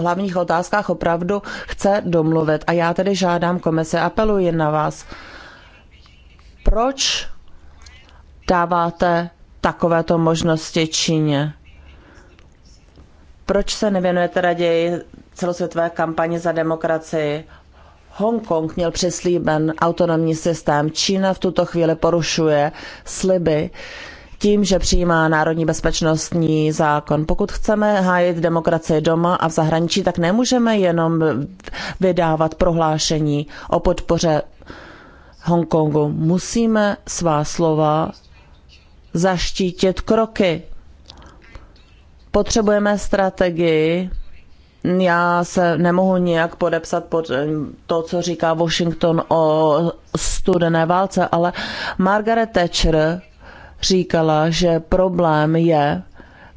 hlavních otázkách opravdu chce domluvit. A já tedy žádám komise, apeluji na vás, proč dáváte takovéto možnosti Číně? Proč se nevěnujete raději celosvětové kampani za demokracii? Hongkong měl přislíben autonomní systém. Čína v tuto chvíli porušuje sliby tím, že přijímá národní bezpečnostní zákon. Pokud chceme hájit demokracii doma a v zahraničí, tak nemůžeme jenom vydávat prohlášení o podpoře Hongkongu. Musíme svá slova zaštítit kroky. Potřebujeme strategii. Já se nemohu nijak podepsat pod to, co říká Washington o studené válce, ale Margaret Thatcher říkala, že problém je,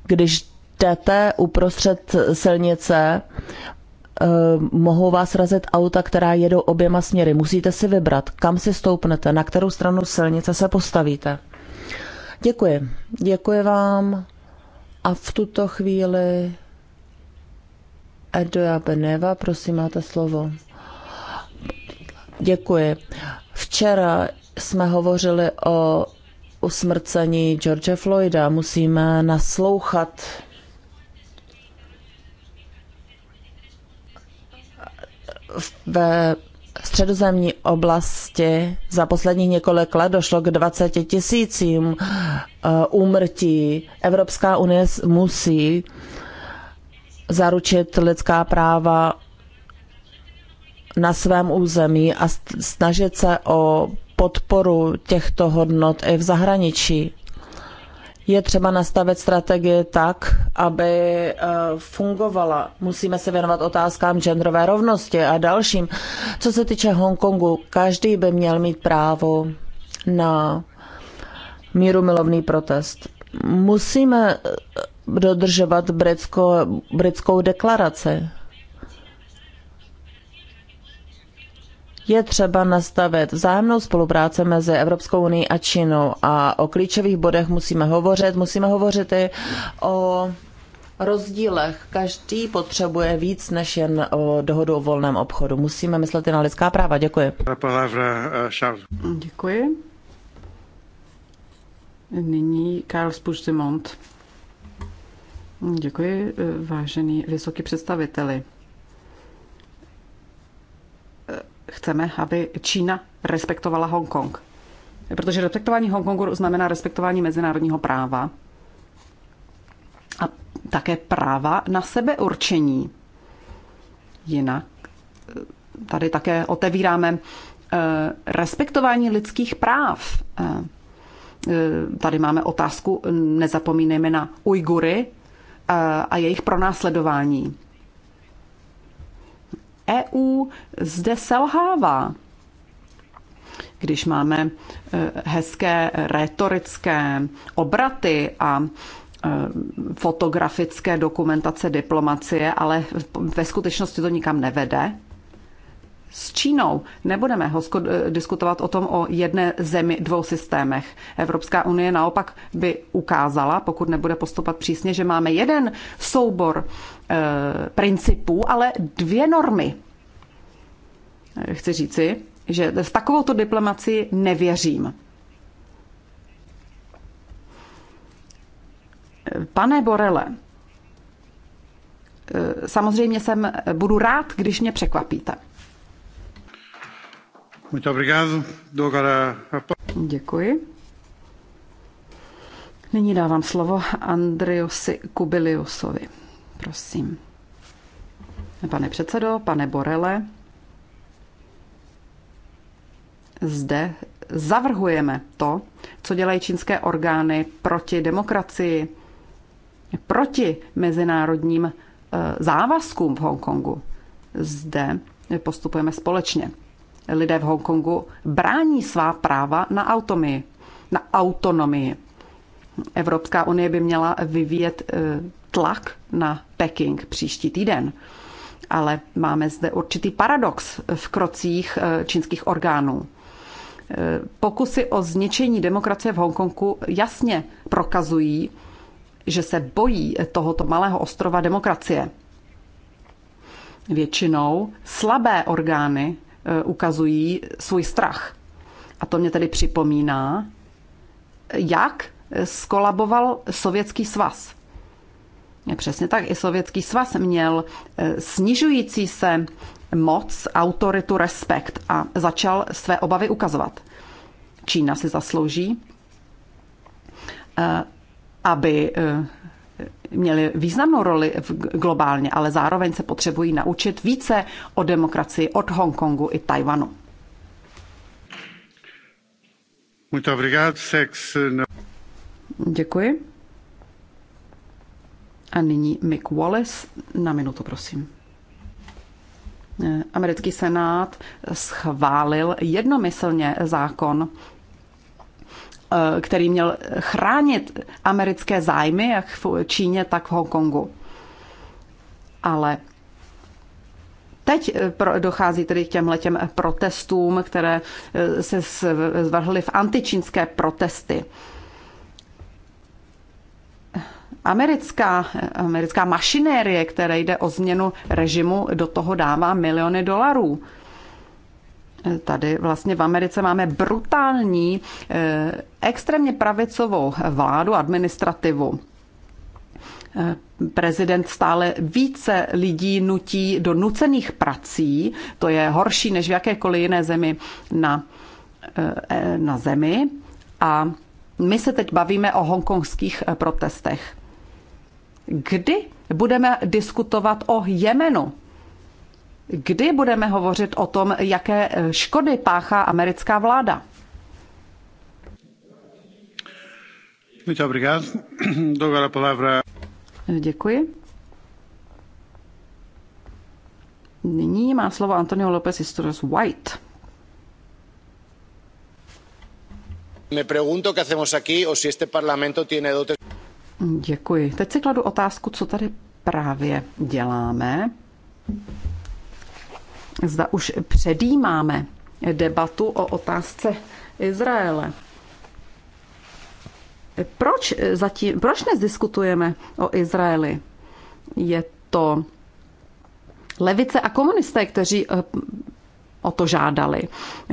když jdete uprostřed silnice, eh, mohou vás razit auta, která jedou oběma směry. Musíte si vybrat, kam si stoupnete, na kterou stranu silnice se postavíte. Děkuji. Děkuji vám. A v tuto chvíli Edoja Beneva, prosím, máte slovo. Děkuji. Včera jsme hovořili o usmrcení George Floyda. Musíme naslouchat ve středozemní oblasti za posledních několik let došlo k 20 tisícím eh, úmrtí. Evropská unie musí zaručit lidská práva na svém území a snažit se o podporu těchto hodnot i v zahraničí. Je třeba nastavit strategii tak, aby eh, fungovala. Musíme se věnovat otázkám genderové rovnosti a dalším. Co se týče Hongkongu, každý by měl mít právo na míru milovný protest. Musíme eh, dodržovat britsko, britskou deklaraci je třeba nastavit vzájemnou spolupráci mezi Evropskou unii a Čínou a o klíčových bodech musíme hovořit. Musíme hovořit i o rozdílech. Každý potřebuje víc než jen o dohodu o volném obchodu. Musíme myslet i na lidská práva. Děkuji. Děkuji. Nyní Karl Spuštymont. Děkuji, vážený vysoký představiteli. chceme, aby Čína respektovala Hongkong. Protože respektování Hongkongu znamená respektování mezinárodního práva a také práva na sebeurčení. Jinak eh, tady také otevíráme eh, respektování lidských práv. Eh, tady máme otázku, nezapomínejme na Ujgury a jejich pronásledování. EU zde selhává. Když máme e, hezké retorické obraty a e, fotografické dokumentace diplomacie, ale ve skutečnosti to nikam nevede, s Čínou nebudeme hosko, e, diskutovat o tom o jedné zemi, dvou systémech. Evropská unie naopak by ukázala, pokud nebude postupovat přísně, že máme jeden soubor Eh, principů, ale dvě normy. Eh, chci říci, že v takovouto diplomaci nevěřím. Pane Borele, eh, samozřejmě jsem, budu rád, když mě překvapíte. Děkuji. Nyní dávám slovo Andriosi Kubiliusovi. Prosím. Pane předsedo, pane Borele, zde zavrhujeme to, co dělají čínské orgány proti demokracii, proti mezinárodním eh, závazkům v Hongkongu. Zde postupujeme společně. Lidé v Hongkongu brání svá práva na autonomii. Na autonomii. Evropská unie by měla vyvíjet eh, tlak na Peking příští týden. Ale máme zde určitý paradox v krocích eh, čínských orgánů. Eh, pokusy o zničení demokracie v Hongkongu jasně prokazují, že se bojí tohoto malého ostrova demokracie. Většinou slabé orgány eh, ukazují svůj strach. A to mě tedy připomíná, jak skolaboval Sovětský svaz. Přesně tak i Sovětský svaz měl e, snižující se moc, autoritu, respekt a začal své obavy ukazovat. Čína si zaslouží, e, aby e, měli významnou roli globálně, ale zároveň se potřebují naučit více o demokracii od Hongkongu i Tajvanu. Děkuji. A nyní Mick Wallace na minutu, prosím. Eh, americký senát schválil jednomyslně zákon, eh, který měl chránit americké zájmy jak v Číně, tak v Hongkongu. Ale teď eh, dochází tedy k těm letem protestům, které se zvrhly v antičínské protesty americká, americká mašinérie, které jde o změnu režimu, do toho dává miliony dolarů. Tady vlastně v Americe máme brutální, eh, extrémně pravicovou vládu, administrativu. Eh, prezident stále více lidí nutí do nucených prací, to je horší než v jakékoliv jiné zemi na, eh, na zemi. A my se teď bavíme o hongkongských protestech. Kdy budeme diskutovat o Jemenu? Kdy budeme hovořit o tom, jaké škody páchá americká vláda? Děkuji. Nyní má slovo Antonio López Istoros White. Me pregunto qué hacemos aquí o si este parlamento tiene dotes Děkuji. Teď si kladu otázku, co tady právě děláme. Zda už předjímáme debatu o otázce Izraele. Proč, zatím, proč nezdiskutujeme o Izraeli? Je to levice a komunisté, kteří eh, o to žádali.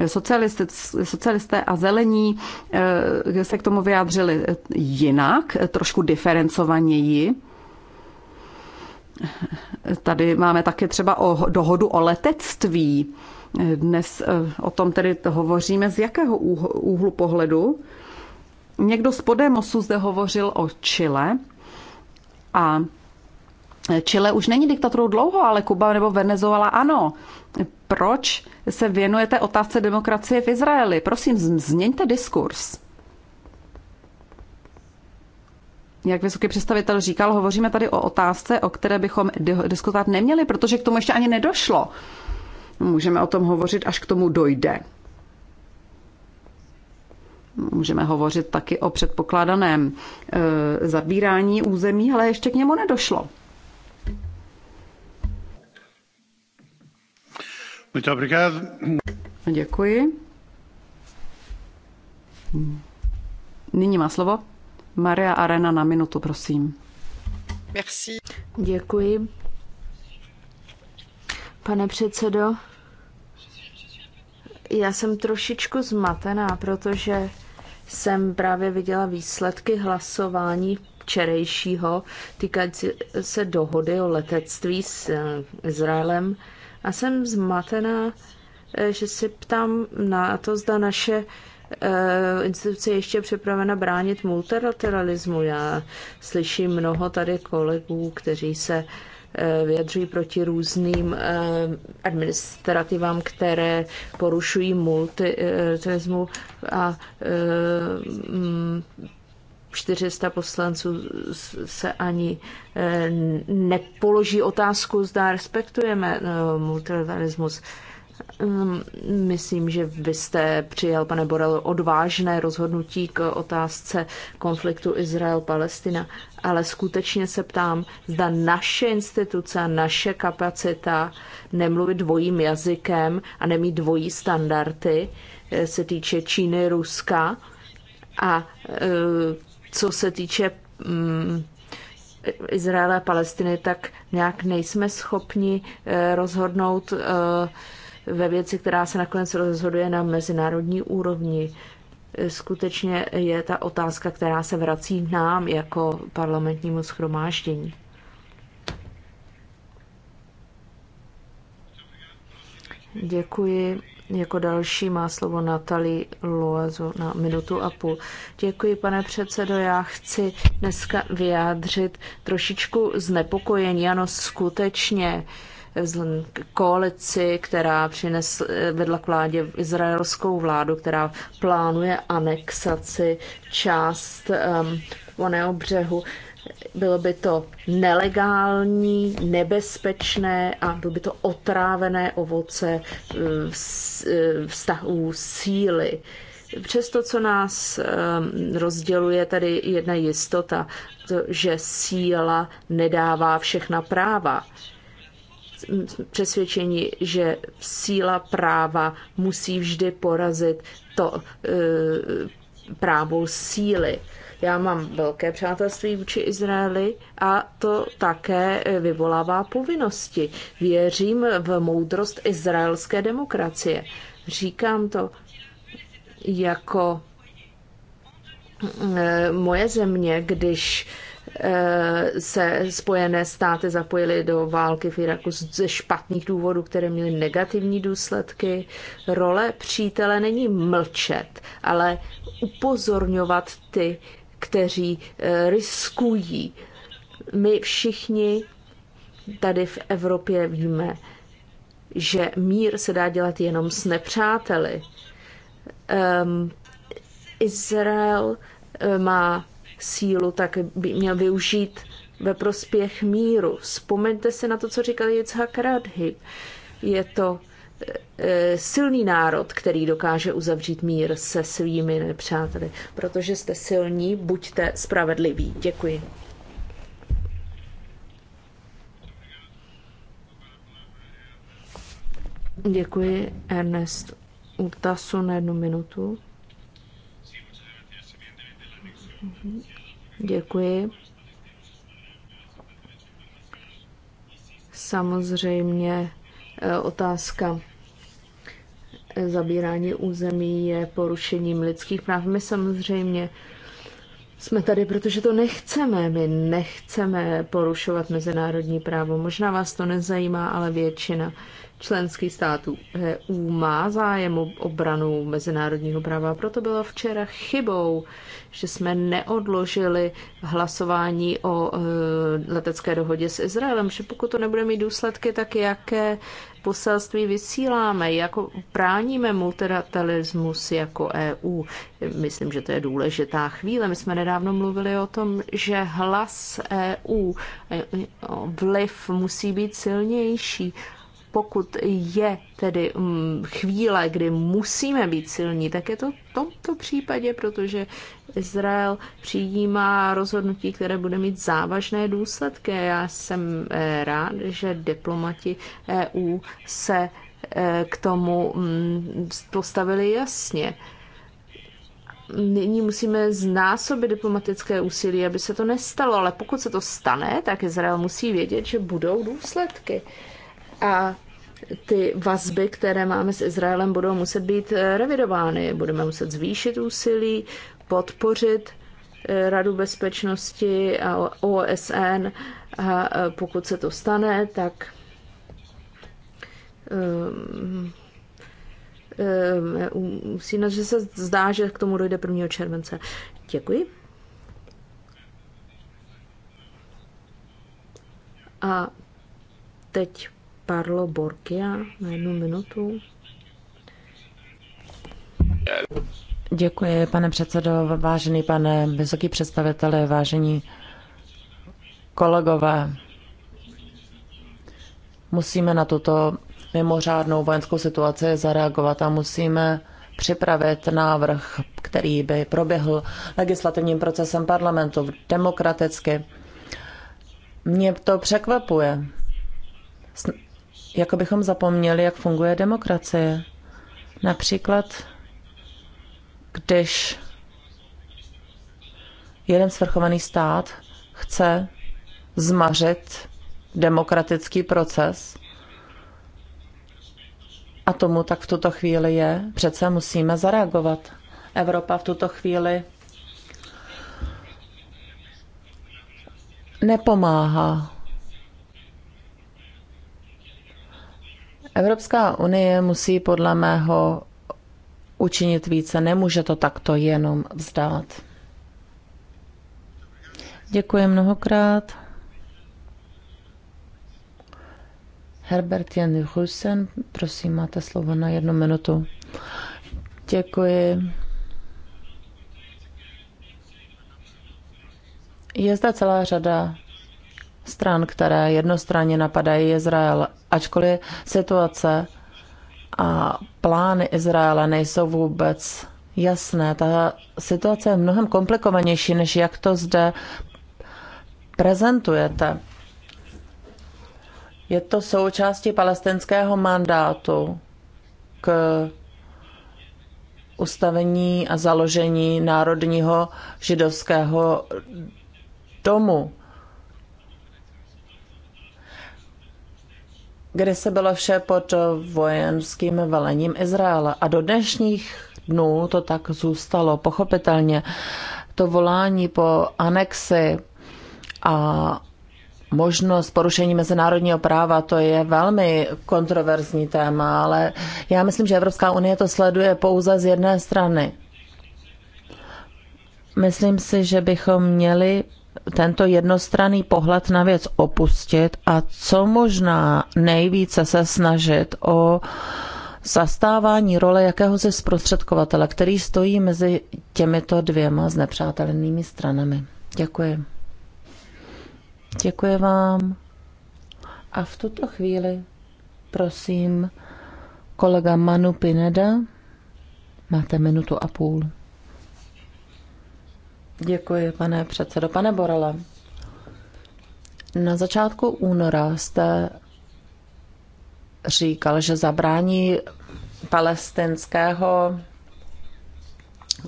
Socialisté, a zelení eh, se k tomu vyjádřili jinak, trošku diferencovaněji. Tady máme také třeba o dohodu o letectví. Dnes eh, o tom tedy hovoříme z jakého úhlu pohledu. Někdo z Podemosu zde hovořil o Chile a Chile už není diktaturou dlouho, ale Kuba nebo Venezuela ano proč se věnujete otázce demokracie v Izraeli. Prosím, změňte diskurs. Jak vysoký představitel říkal, hovoříme tady o otázce, o které bychom diskutovat neměli, protože k tomu ještě ani nedošlo. Můžeme o tom hovořit, až k tomu dojde. Můžeme hovořit taky o předpokládaném e, zabírání území, ale ještě k němu nedošlo. Děkuji. Nyní má slovo Maria Arena na minutu, prosím. Merci. Děkuji. Pane předsedo, já jsem trošičku zmatená, protože jsem právě viděla výsledky hlasování včerejšího týkající se dohody o letectví s eh, Izraelem. Uh, a jsem zmatená, eh, že si ptám na to, zda naše eh, instituce ještě připravena bránit multilateralismu. Já slyším mnoho tady kolegů, kteří se eh, vyjadřují proti různým administrativám, které porušují multilateralismu a 400 poslanců se ani eh, nepoloží otázku, zda respektujeme eh, multilateralismus. Ehm, myslím, že vy jste přijal, pane Borel, odvážné rozhodnutí k otázce konfliktu Izrael-Palestina, ale skutečně se ptám, zda naše instituce, naše kapacita nemluvit dvojím jazykem a nemít dvojí standardy eh, se týče Číny, Ruska a co se týče mm, Izraele a Palestiny, tak nějak nejsme schopni eh, rozhodnout eh, ve věci, která se nakonec rozhoduje na mezinárodní úrovni. Skutečně je ta otázka, která se vrací nám jako parlamentnímu schromáždění. Děkuji. Jako další má slovo Natali Loazo na minutu a půl. Děkuji, pane předsedo. Já chci dneska vyjádřit trošičku znepokojení. Ano, skutečně koalici, která přinesl, vedla k vládě izraelskou vládu, která plánuje anexaci část um, oného břehu. Bylo by to nelegální, nebezpečné a bylo by to otrávené ovoce eh, eh, vztahů síly. Přesto, co nás eh, rozděluje, tady jedna jistota, to, že síla nedává všechna práva přesvědčení, že síla práva musí vždy porazit to e, právo síly. Já mám velké přátelství vůči Izraeli a to také vyvolává povinnosti. Věřím v moudrost izraelské demokracie. Říkám to jako eh, moje země, když eh, se Spojené státy zapojily do války v Iraku ze špatných důvodů, které měly negativní důsledky. Role přítele není mlčet, ale upozorňovat ty, kteří eh, riskují. My všichni tady v Evropě víme, že mír se dá dělat jenom s nepřáteli. Um, Izrael eh, má sílu, tak by měl využít ve prospěch míru. Vzpomeňte si na to, co říkal Jitzhak Radhi. Je to Eh, silný národ, který dokáže uzavřít mír se svými nepřáteli. Protože jste silní, buďte spravedliví. Děkuji. Děkuji, Ernest Utasu na jednu minutu. Děkuji. Samozřejmě Eh, otázka eh, zabírání území je porušením lidských práv. My samozřejmě jsme tady, protože to nechceme. My nechceme porušovat mezinárodní právo. Možná vás to nezajímá, ale většina členských států EU má zájem o obranu mezinárodního práva. Proto bylo včera chybou, že jsme neodložili hlasování o e, letecké dohodě s Izraelem, že pokud to nebude mít důsledky, tak jaké poselství vysíláme, jako bráníme multilateralismus jako EU. Myslím, že to je důležitá chvíle. My jsme nedávno mluvili o tom, že hlas EU, e, e, vliv musí být silnější pokud je tedy mm, chvíle, kdy musíme být silní, tak je to v tomto případě, protože Izrael přijímá rozhodnutí, které bude mít závažné důsledky. Já jsem eh, rád, že diplomati EU se eh, k tomu mm, postavili jasně. Nyní musíme znásobit diplomatické úsilí, aby se to nestalo, ale pokud se to stane, tak Izrael musí vědět, že budou důsledky. A ty vazby, které máme s Izraelem, budou muset být eh, revidovány. Budeme muset zvýšit úsilí, podpořit eh, Radu bezpečnosti a OSN. A eh, pokud se to stane, tak um, um, že se zdá, že k tomu dojde 1. července. Děkuji. A teď Parlo Borkia na jednu minutu. Děkuji, pane předsedo, vážený pane vysoký představiteli, vážení kolegové. Musíme na tuto mimořádnou vojenskou situaci zareagovat a musíme připravit návrh, který by proběhl legislativním procesem parlamentu demokraticky. Mě to překvapuje jako bychom zapomněli, jak funguje demokracie. Například, když jeden svrchovaný stát chce zmařit demokratický proces, a tomu tak v tuto chvíli je, přece musíme zareagovat. Evropa v tuto chvíli nepomáhá Evropská unie musí podle mého učinit více. Nemůže to takto jenom vzdát. Děkuji mnohokrát. Herbert Jan Husen, prosím, máte slovo na jednu minutu. Děkuji. Je zde celá řada stran, které jednostranně napadají Izrael, ačkoliv situace a plány Izraele nejsou vůbec jasné. Ta situace je mnohem komplikovanější, než jak to zde prezentujete. Je to součástí palestinského mandátu k ustavení a založení Národního židovského domu. kde se bylo vše pod vojenským velením Izraele. A do dnešních dnů to tak zůstalo. Pochopitelně to volání po anexi a možnost porušení mezinárodního práva, to je velmi kontroverzní téma, ale já myslím, že Evropská unie to sleduje pouze z jedné strany. Myslím si, že bychom měli tento jednostranný pohled na věc opustit a co možná nejvíce se snažit o zastávání role jakéhosi zprostředkovatele, který stojí mezi těmito dvěma znepřátelenými stranami. Děkuji. Děkuji vám. A v tuto chvíli prosím kolega Manu Pineda. Máte minutu a půl. Děkuji, pane předsedo. Pane Borele, na začátku února jste říkal, že zabrání palestinského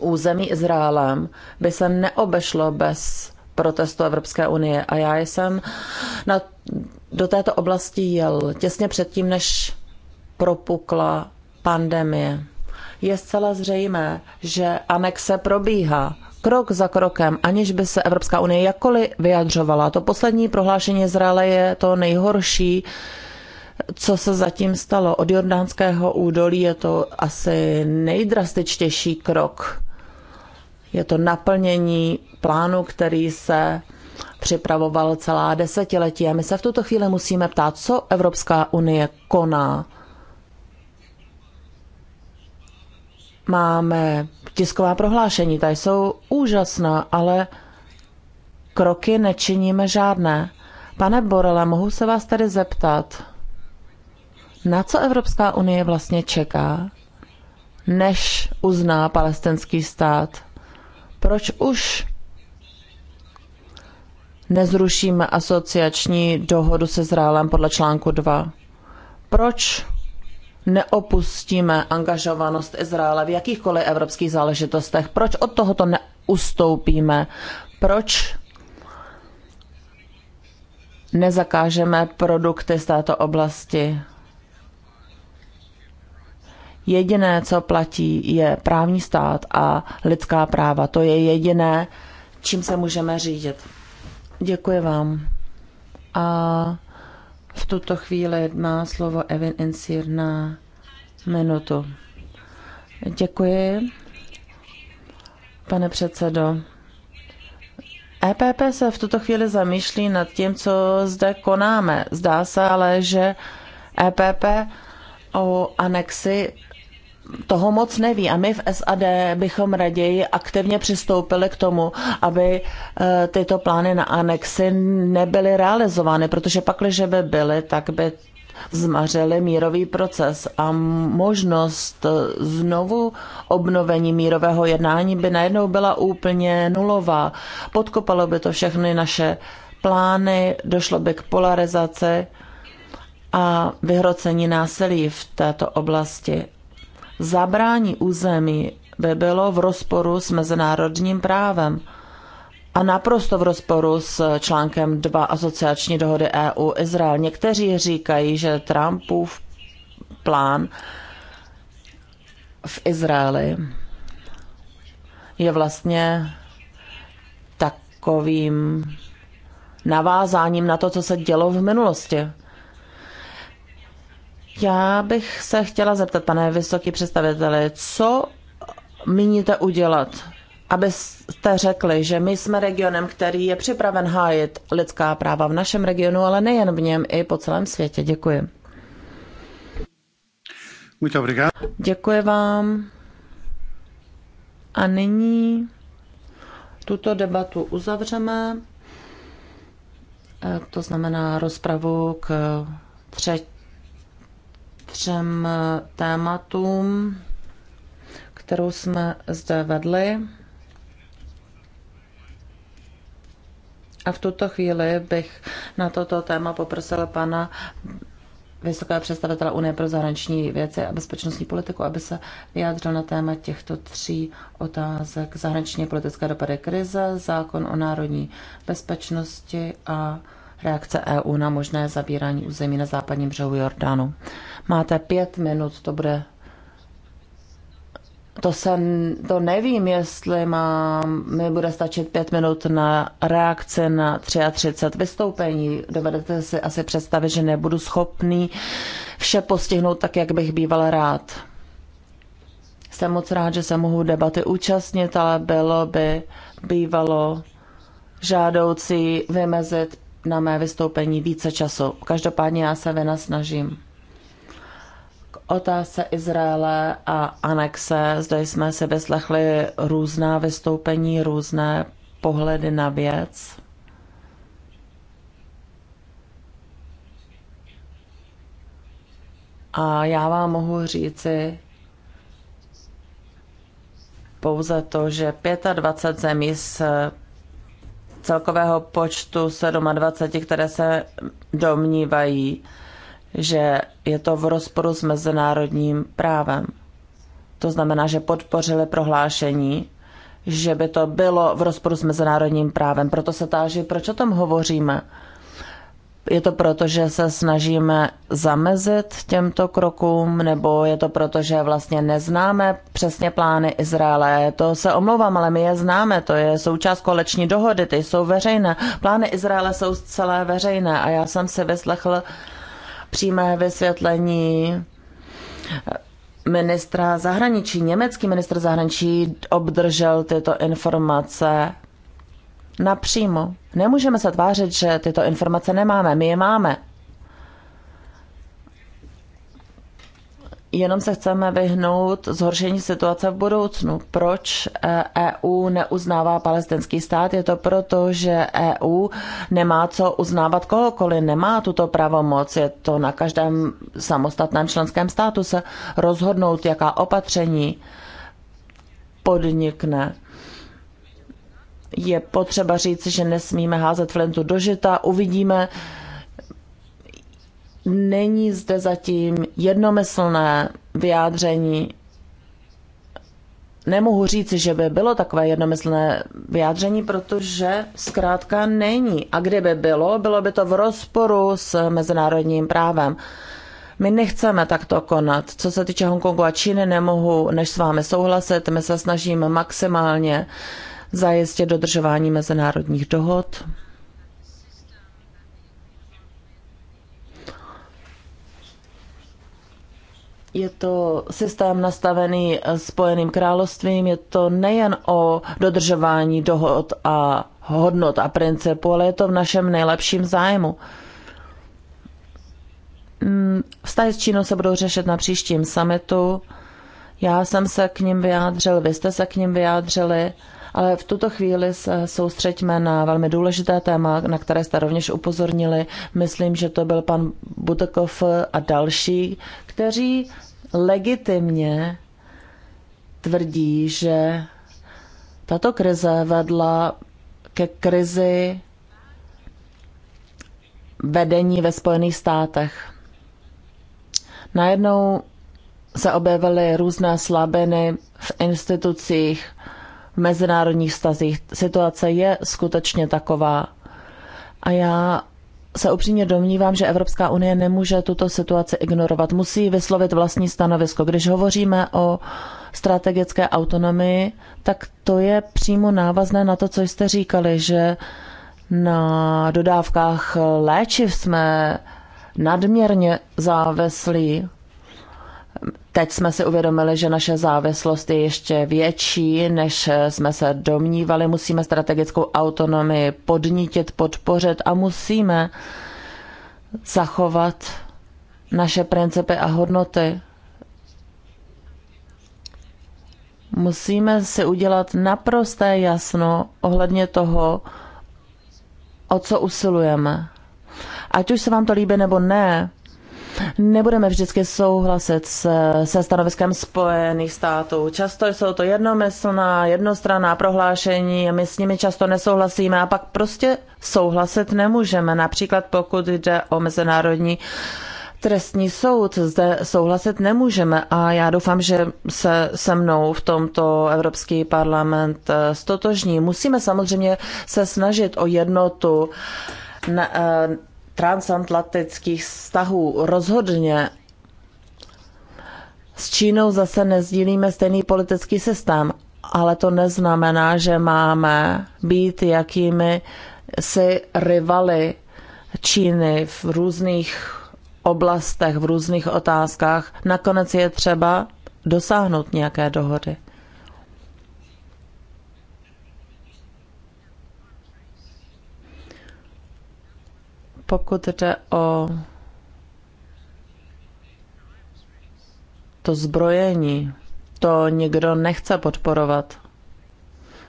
území Izraelem by se neobešlo bez protestu Evropské unie. A já jsem na, do této oblasti jel těsně předtím, než propukla pandemie. Je zcela zřejmé, že anexe probíhá krok za krokem, aniž by se Evropská unie jakkoliv vyjadřovala. To poslední prohlášení Izraele je to nejhorší, co se zatím stalo. Od Jordánského údolí je to asi nejdrastičtější krok. Je to naplnění plánu, který se připravoval celá desetiletí. A my se v tuto chvíli musíme ptát, co Evropská unie koná. Máme tisková prohlášení, ta jsou úžasná, ale kroky nečiníme žádné. Pane Borele, mohu se vás tady zeptat, na co Evropská unie vlastně čeká, než uzná palestinský stát? Proč už nezrušíme asociační dohodu se Zrálem podle článku 2? Proč neopustíme angažovanost Izraele v jakýchkoliv evropských záležitostech, proč od tohoto neustoupíme, proč nezakážeme produkty z této oblasti. Jediné, co platí, je právní stát a lidská práva. To je jediné, čím se můžeme řídit. Děkuji vám. A v tuto chvíli má slovo Evin Insir na minutu. Děkuji, pane předsedo. EPP se v tuto chvíli zamýšlí nad tím, co zde konáme. Zdá se ale, že EPP o anexi toho moc neví a my v SAD bychom raději aktivně přistoupili k tomu, aby eh, tyto plány na anexy nebyly realizovány, protože když by byly, tak by zmařili mírový proces a možnost eh, znovu obnovení mírového jednání by najednou byla úplně nulová. Podkopalo by to všechny naše plány, došlo by k polarizaci a vyhrocení násilí v této oblasti zabrání území by bylo v rozporu s mezinárodním právem a naprosto v rozporu s článkem 2 asociační dohody EU Izrael. Někteří říkají, že Trumpův plán v Izraeli je vlastně takovým navázáním na to, co se dělo v minulosti. Já bych se chtěla zeptat, pane vysoký představiteli, co míníte udělat, abyste řekli, že my jsme regionem, který je připraven hájit lidská práva v našem regionu, ale nejen v něm, i po celém světě. Děkuji. Děkuji vám. A nyní tuto debatu uzavřeme. E, to znamená rozpravu k třetí třem eh, tématům, kterou jsme zde vedli. A v tuto chvíli bych na toto téma poprosil pana vysokého představitele Unie pro zahraniční věci a bezpečnostní politiku, aby se vyjádřil na téma těchto tří otázek zahraniční politické dopady krize, zákon o národní bezpečnosti a reakce EU na možné zabírání území na západním břehu Jordánu. Máte pět minut, to bude to, se, to nevím, jestli mám, mi bude stačit pět minut na reakce na 33 vystoupení. Dovedete si asi představit, že nebudu schopný vše postihnout tak, jak bych býval rád. Jsem moc rád, že se mohu debaty účastnit, ale bylo by bývalo žádoucí vymezit na mé vystoupení více času. Každopádně já se snažím. K otázce Izraele a anexe, zde jsme si vyslechli různá vystoupení, různé pohledy na věc. A já vám mohu říci pouze to, že 25 zemí se celkového počtu 27, které se domnívají, že je to v rozporu s mezinárodním právem. To znamená, že podpořili prohlášení, že by to bylo v rozporu s mezinárodním právem. Proto se táží, proč o tom hovoříme je to proto, že se snažíme zamezit těmto krokům, nebo je to proto, že vlastně neznáme přesně plány Izraele? To se omlouvám, ale my je známe, to je součást koleční dohody, ty jsou veřejné. Plány Izraele jsou celé veřejné a já jsem si vyslechl přímé vysvětlení ministra zahraničí, německý ministr zahraničí obdržel tyto informace napřímo. Nemůžeme se tvářit, že tyto informace nemáme. My je máme. Jenom se chceme vyhnout zhoršení situace v budoucnu. Proč EU eh, e neuznává palestinský stát? Je to proto, že EU nemá co uznávat kohokoliv, nemá tuto pravomoc. Je to na každém samostatném členském státu se rozhodnout, jaká opatření podnikne je potřeba říct, že nesmíme házet flintu do žita. Uvidíme. Není zde zatím jednomyslné vyjádření. Nemohu říct, že by bylo takové jednomyslné vyjádření, protože zkrátka není. A kdyby bylo, bylo by to v rozporu s mezinárodním právem. My nechceme takto konat. Co se týče Hongkongu a Číny, nemohu než s vámi souhlasit. My se snažíme maximálně uh, zajistit dodržování mezinárodních dohod, je to systém nastavený Spojeným královstvím, je to nejen o dodržování dohod a hodnot a principů, ale je to v našem nejlepším zájmu. Mm, vztahy s Čínou se budou řešit na příštím summitu. Já jsem se k ním vyjádřil, vy jste se k ním vyjádřili. Ale v tuto chvíli se soustřeďme na velmi důležité téma, na které jste rovněž upozornili. Myslím, že to byl pan Butekov a další, kteří legitimně tvrdí, že tato krize vedla ke krizi vedení ve Spojených státech. Najednou se objevily různé slabiny v institucích, v mezinárodních stazích. Situace je skutečně taková. A já se upřímně domnívám, že Evropská unie nemůže tuto situaci ignorovat. Musí vyslovit vlastní stanovisko. Když hovoříme o strategické autonomii, tak to je přímo návazné na to, co jste říkali, že na dodávkách léčiv jsme nadměrně závislí Teď jsme si uvědomili, že naše závislost je ještě větší, než jsme se domnívali. Musíme strategickou autonomii podnítit, podpořit a musíme zachovat naše principy a hodnoty. Musíme si udělat naprosté jasno ohledně toho, o co usilujeme. Ať už se vám to líbí nebo ne, nebudeme vždycky souhlasit se, se stanoviskem Spojených států. Často jsou to jednomyslná, jednostranná prohlášení, my s nimi často nesouhlasíme a pak prostě souhlasit nemůžeme. Například pokud jde o mezinárodní trestní soud. Zde souhlasit nemůžeme a já doufám, že se se mnou v tomto Evropský parlament stotožní. Eh, Musíme samozřejmě se snažit o jednotu na, transatlantických vztahů. Rozhodně s Čínou zase nezdílíme stejný politický systém, ale to neznamená, že máme být jakými si rivaly Číny v různých oblastech, v různých otázkách. Nakonec je třeba dosáhnout nějaké dohody. pokud jde o to zbrojení, to nikdo nechce podporovat.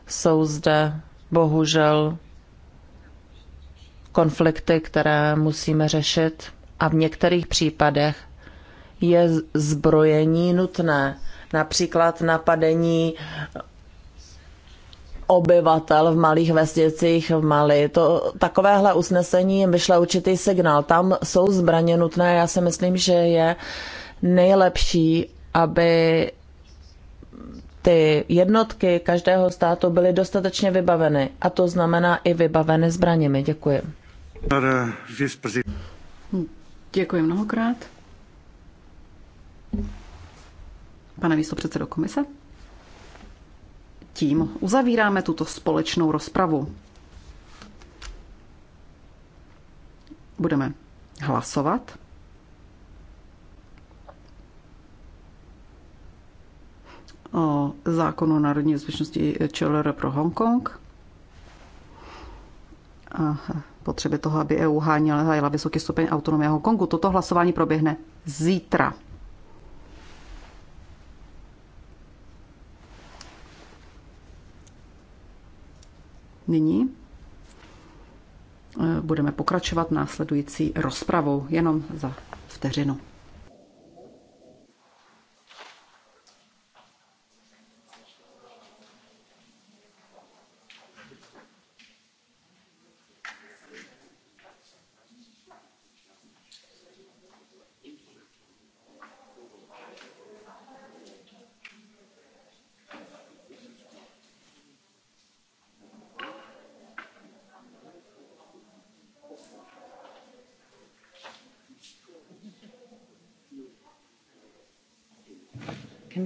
Jsou zde bohužel konflikty, které musíme řešit a v některých případech je zbrojení nutné. Například napadení obyvatel v malých vesnicích v Mali. To, takovéhle usnesení jim vyšle určitý signál. Tam jsou zbraně nutné. Já si myslím, že je nejlepší, aby ty jednotky každého státu byly dostatečně vybaveny. A to znamená i vybaveny zbraněmi. Děkuji. Děkuji mnohokrát. Pane místopředsedo komise tím uzavíráme tuto společnou rozpravu. Budeme hlasovat. o zákonu o národní bezpečnosti ČLR pro Hongkong a potřeby toho, aby EU hájila vysoký stupeň autonomie Hongkongu. Toto hlasování proběhne zítra. Nyní eh, budeme pokračovat následující rozpravou jenom za vteřinu.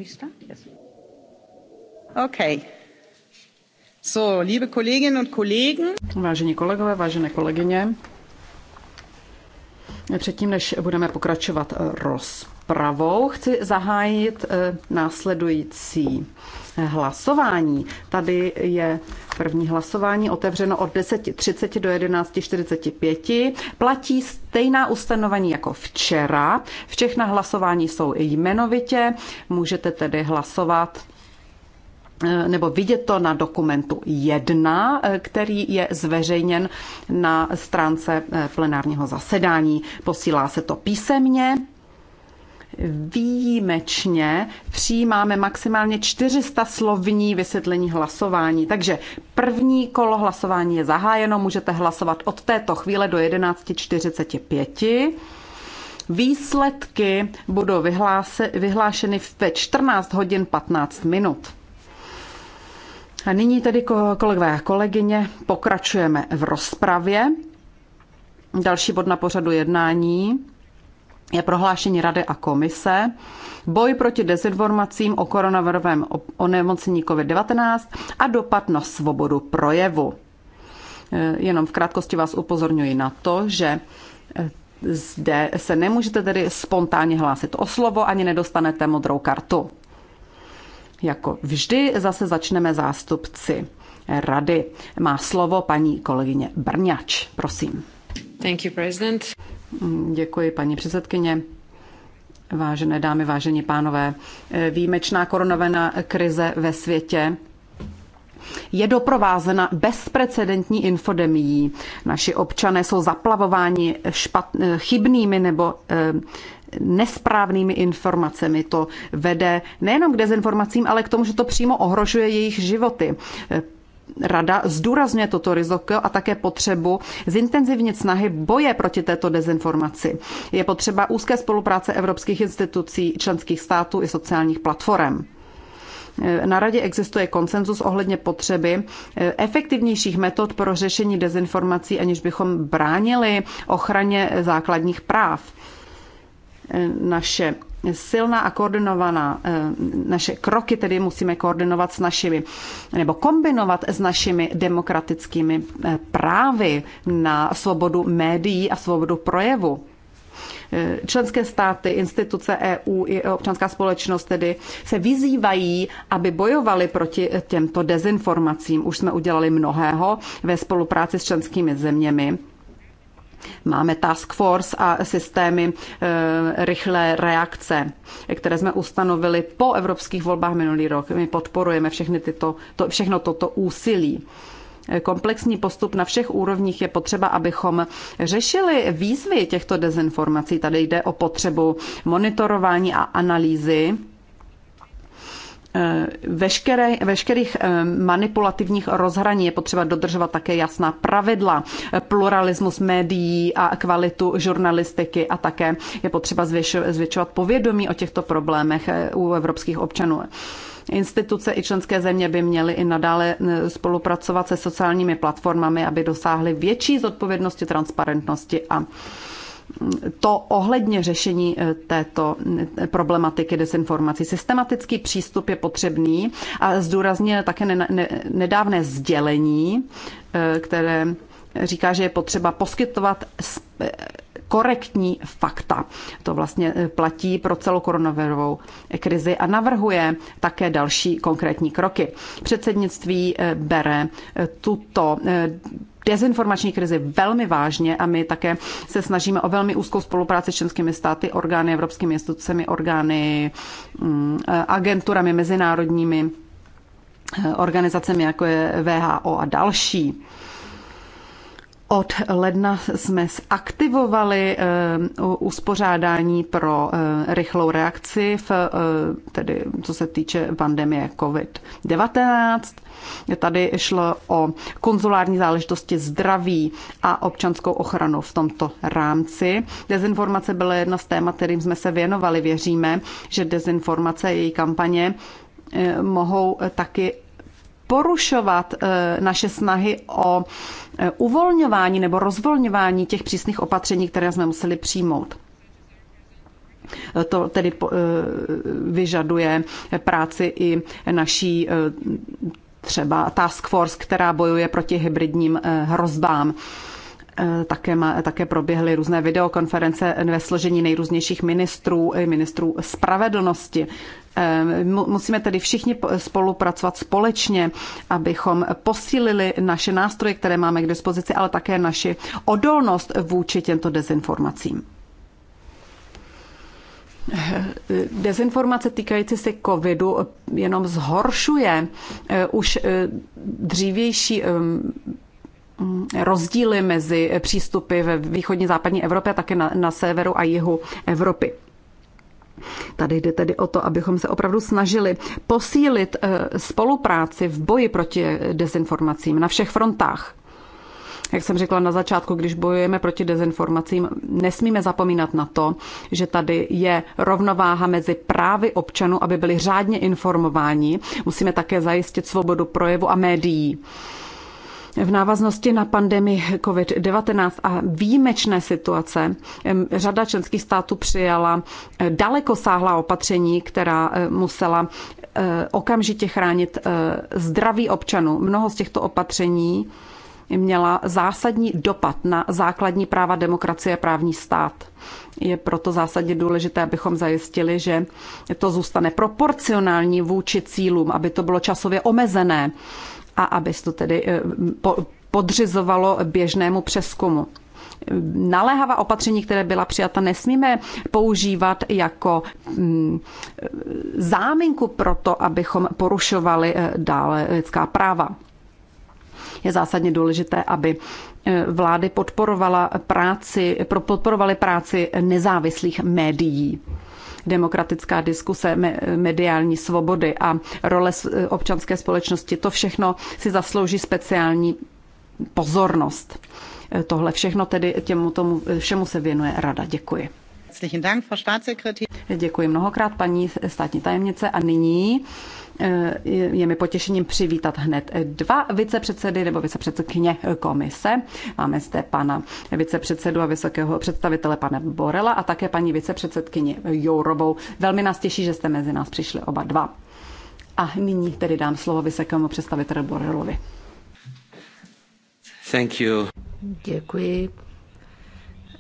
Minister? Yes. Okay. So, liebe Kolleginnen und Kollegen. Vážení kolegové, vážené kolegyně, předtím, než budeme pokračovat eh, rozpravou, chci zahájit eh, následující hlasování. Tady je první hlasování otevřeno od 10.30 do 11.45. Platí stejná ustanovení jako včera. Všechna hlasování jsou jmenovitě. Můžete tedy hlasovat eh, nebo vidět to na dokumentu 1, eh, který je zveřejněn na stránce eh, plenárního zasedání. Posílá se to písemně výjimečně přijímáme maximálně 400 slovní vysvětlení hlasování. Takže první kolo hlasování je zahájeno, můžete hlasovat od této chvíle do 11.45. Výsledky budou vyhláse, vyhlášeny ve 14 hodin 15 minut. A nyní tedy, kolegové a kolegyně, pokračujeme v rozpravě. Další bod na pořadu jednání je prohlášení Rady a komise boj proti dezinformacím o koronavirovém onemocnění COVID-19 a dopad na svobodu projevu. E, jenom v krátkosti vás upozorňuji na to, že e, zde se nemůžete tedy spontánně hlásit o slovo, ani nedostanete modrou kartu. Jako vždy zase začneme zástupci rady. Má slovo paní kolegyně Brňač, prosím. Thank you, president. Děkuji, paní předsedkyně. Vážené dámy, vážení pánové, výjimečná koronavená krize ve světě je doprovázena bezprecedentní infodemií. Naši občané jsou zaplavováni špat, chybnými nebo eh, nesprávnými informacemi. To vede nejenom k dezinformacím, ale k tomu, že to přímo ohrožuje jejich životy. Rada zdůrazňuje toto riziko a také potřebu zintenzivnit snahy boje proti této dezinformaci. Je potřeba úzké spolupráce evropských institucí, členských států i sociálních platform. Na radě existuje konsenzus ohledně potřeby eh, efektivnějších metod pro řešení dezinformací, aniž bychom bránili ochraně základních práv. Eh, naše silná a koordinovaná. Eh, naše kroky tedy musíme koordinovat s našimi, nebo kombinovat s našimi demokratickými eh, právy na svobodu médií a svobodu projevu. Eh, členské státy, instituce EU i občanská společnost tedy se vyzývají, aby bojovali proti těmto dezinformacím. Už jsme udělali mnohého ve spolupráci s členskými zeměmi Máme task force a systémy e, rychlé reakce, které jsme ustanovili po evropských volbách minulý rok. My podporujeme všechny tyto, to, všechno toto úsilí e, komplexní postup na všech úrovních je potřeba, abychom řešili výzvy těchto dezinformací. Tady jde o potřebu monitorování a analýzy Eh, veškeré, veškerých eh, manipulativních rozhraní je potřeba dodržovat také jasná pravidla, eh, pluralismus médií a kvalitu žurnalistiky a také je potřeba zvětšovat povědomí o těchto problémech u evropských občanů. Instituce i členské země by měly i nadále spolupracovat se sociálními platformami, aby dosáhly větší zodpovědnosti, transparentnosti a to ohledně řešení eh, této eh, problematiky dezinformací. Systematický přístup je potřebný a zdůrazně také nedávné sdělení, eh, které říká, že je potřeba poskytovat korektní fakta. To vlastně platí pro celou koronavirovou krizi a navrhuje také další konkrétní kroky. Předsednictví bere tuto dezinformační krizi velmi vážně a my také se snažíme o velmi úzkou spolupráci s členskými státy, orgány, evropskými institucemi, orgány, mm, agenturami mezinárodními, eh, organizacemi jako je VHO a další. Od ledna jsme zaktivovali eh, uspořádání pro eh, rychlou reakci, v, eh, tedy co se týče pandemie COVID-19. Tady šlo o konzulární záležitosti zdraví a občanskou ochranu v tomto rámci. Dezinformace byla jedna z témat, kterým jsme se věnovali. Věříme, že dezinformace a její kampaně mohou taky porušovat naše snahy o Eh, uvolňování nebo rozvolňování těch přísných opatření, které jsme museli přijmout. Eh, to tedy eh, vyžaduje práci i naší třeba task force, která bojuje proti hybridním hrozbám. Eh, také, má, také proběhly různé videokonference ve složení nejrůznějších ministrů, ministrů spravedlnosti. Eh, musíme tedy všichni spolupracovat společně, abychom posílili naše nástroje, které máme k dispozici, ale také naši odolnost vůči těmto dezinformacím. Eh, dezinformace týkající se covidu jenom zhoršuje už dřívější Mm, rozdíly mezi přístupy ve východní západní Evropě a také na, na severu a jihu Evropy. Tady jde tedy o to, abychom se opravdu snažili posílit eh, spolupráci v boji proti dezinformacím na všech frontách. Jak jsem řekla na začátku, když bojujeme proti dezinformacím, nesmíme zapomínat na to, že tady je rovnováha mezi právy občanů, aby byli řádně informováni. Musíme také zajistit svobodu projevu a médií v návaznosti na pandemii COVID-19 a výjimečné situace řada členských států přijala eh, daleko sáhlá opatření, která eh, musela eh, okamžitě chránit zdraví občanů. Mnoho z těchto opatření měla zásadní dopad na základní práva demokracie a právní stát. Je proto zásadně důležité, abychom zajistili, že to zůstane proporcionální vůči cílům, aby to bylo časově omezené, a aby se to tedy eh, podřizovalo běžnému přeskumu naléhavá opatření, které byla přijata, nesmíme používat jako mm, záminku pro to, abychom porušovali eh, dále lidská práva. Je zásadně důležité, aby eh, vlády podporovala práci, podporovaly práci nezávislých médií demokratická diskuse, mediální svobody a role občanské společnosti. To všechno si zaslouží speciální pozornost. E, tohle všechno tedy těmu tomu všemu se věnuje rada. Děkuji. Děkuji mnohokrát paní státní tajemnice a nyní Eh, je mi potěšením přivítat hned dva vicepředsedy nebo vicepředsedkyně komise. Máme zde pana vicepředsedu a vysokého představitele pana Borela a také paní vicepředsedkyni Jourovou. Velmi nás těší, že jste mezi nás přišli oba dva. A nyní tedy dám slovo vysokému představiteli Borelovi. Thank you. Děkuji.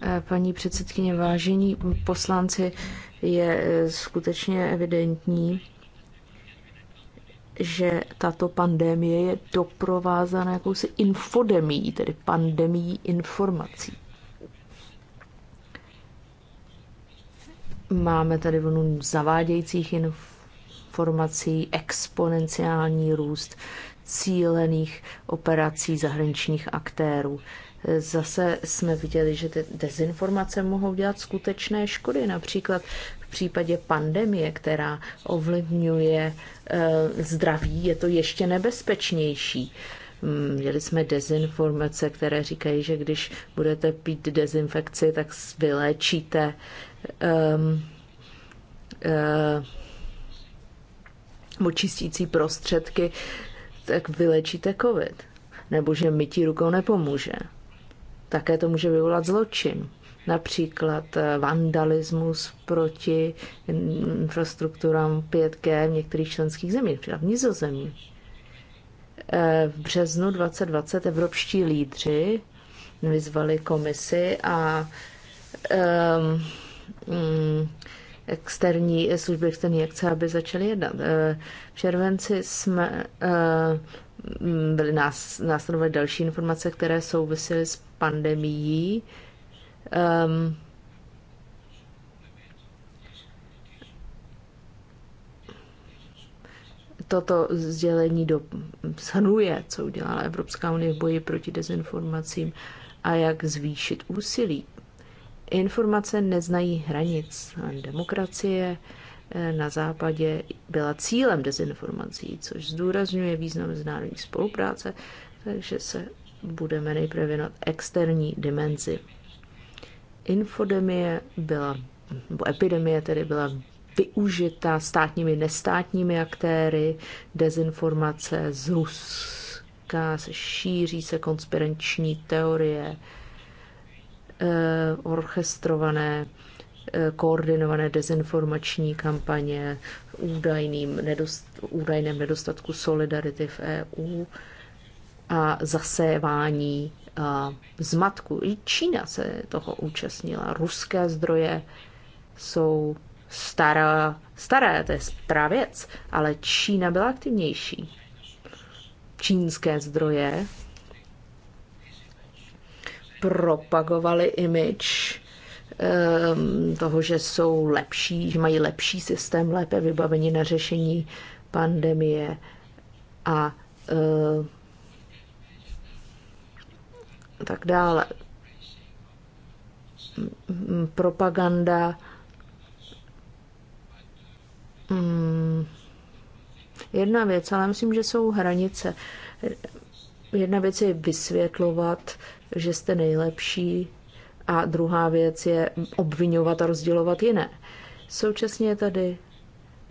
Eh, paní předsedkyně, vážení poslanci, je eh, skutečně evidentní, že tato pandémie je doprovázána jakousi infodemí, tedy pandemí informací. Máme tady vlnu zavádějících informací, exponenciální růst cílených operací zahraničních aktérů. Zase jsme viděli, že ty dezinformace mohou dělat skutečné škody. Například případě pandemie, která ovlivňuje eh, zdraví, je to ještě nebezpečnější. Mm, měli jsme dezinformace, které říkají, že když budete pít dezinfekci, tak vyléčíte um, um, očistící prostředky, tak vylečíte covid. Nebo že mytí rukou nepomůže. Také to může vyvolat zločin například eh, vandalismus proti infrastrukturám 5G v některých členských zemích, třeba v Nizozemí. Eh, v březnu 2020 evropští lídři vyzvali komisi a um, externí eh, služby, externí akce, aby začaly jednat. V červenci jsme mm, byly nás, následovaly další informace, které souvisely s pandemií Um, toto sdělení do, shrnuje, co udělala Evropská unie v boji proti dezinformacím a jak zvýšit úsilí. Informace neznají hranic. Demokracie eh, na západě byla cílem dezinformací, což zdůrazňuje význam mezinárodní spolupráce, takže se budeme nejprve věnovat externí dimenzi infodemie byla, nebo epidemie tedy byla využita státními, nestátními aktéry, dezinformace z Ruska, se šíří se konspiranční teorie, eh, orchestrované, eh, koordinované dezinformační kampaně v údajným nedost, údajném nedostatku solidarity v EU a zasevání zmatku. I Čína se toho účastnila. Ruské zdroje jsou stará, staré, to je stará věc, ale Čína byla aktivnější. Čínské zdroje propagovali image ehm, toho, že jsou lepší, že mají lepší systém, lépe vybavení na řešení pandemie a ehm, tak dále. Propaganda. Mm, jedna věc, ale myslím, že jsou hranice. Jedna věc je vysvětlovat, že jste nejlepší, a druhá věc je obvinovat a rozdělovat jiné. Současně je tady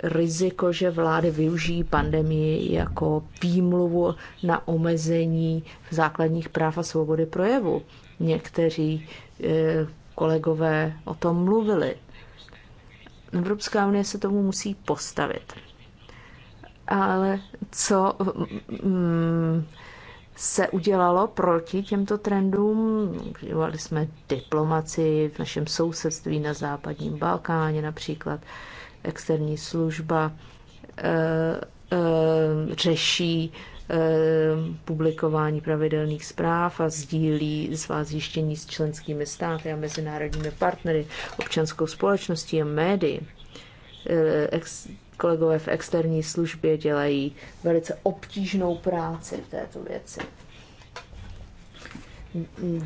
riziko, že vlády využijí pandemii jako výmluvu na omezení základních práv a svobody projevu. Někteří eh, kolegové o tom mluvili. Evropská unie se tomu musí postavit. Ale co mm, se udělalo proti těmto trendům? Užívali jsme diplomaci v našem sousedství na západním Balkáně například externí služba eh, eh, řeší eh, publikování pravidelných zpráv a sdílí svá zjištění s členskými státy a mezinárodními partnery, občanskou společností a médií. kolegové v externí službě dělají velice obtížnou práci v této věci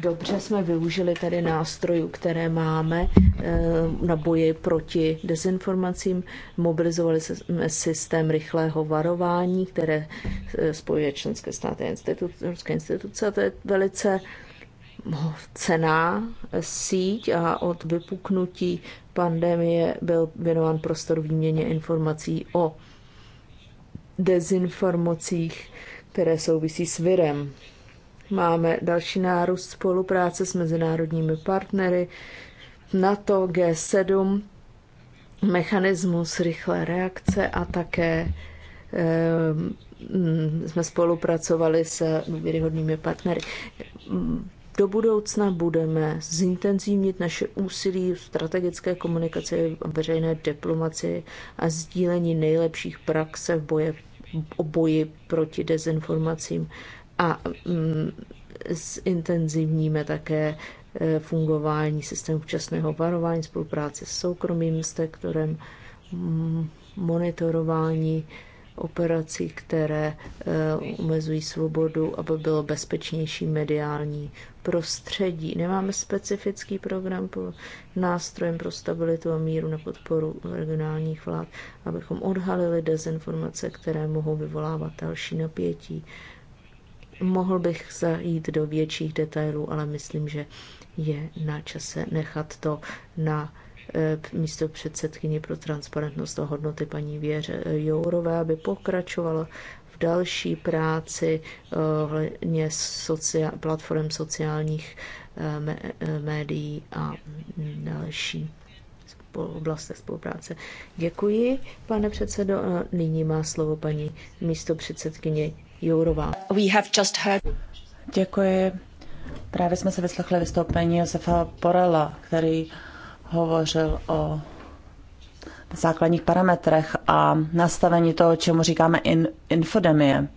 dobře jsme využili tady nástrojů, které máme eh, na boji proti dezinformacím. Mobilizovali jsme systém rychlého varování, které eh, spojuje členské státy a instituce, instituce. A to je velice cená eh, síť a od vypuknutí pandemie byl věnován prostor výměně informací o dezinformacích, které souvisí s virem. Máme další nárůst spolupráce s mezinárodními partnery, NATO, G7, mechanismus rychlé reakce a také ehm, mm, jsme spolupracovali s důvěryhodnými partnery. Do budoucna budeme zintenzivnit naše úsilí v strategické komunikaci, veřejné diplomaci a sdílení nejlepších praxe v boje, o boji proti dezinformacím a mm, zintenzivníme také e, fungování systému včasného varování, spolupráce s soukromým sektorem, mm, monitorování operací, které e, omezují svobodu, aby bylo bezpečnější mediální prostředí. Nemáme specifický program pro nástrojem pro stabilitu a míru na podporu regionálních vlád, abychom odhalili dezinformace, které mohou vyvolávat další napětí. Mohl bych zajít do větších detailů, ale myslím, že je na čase nechat to na e, místo předsedkyně pro transparentnost a hodnoty paní Věře e, Jourové, aby pokračovala v další práci e, hledně sociál, platform sociálních médií a další oblasti spolupráce. Děkuji, pane předsedo. Nyní má slovo paní místo předsedkyně Jourová. We have just heard... Děkuji. Právě jsme se vyslechli vystoupení Josefa Porela, který hovořil o základních parametrech a nastavení toho, čemu říkáme in, infodemie,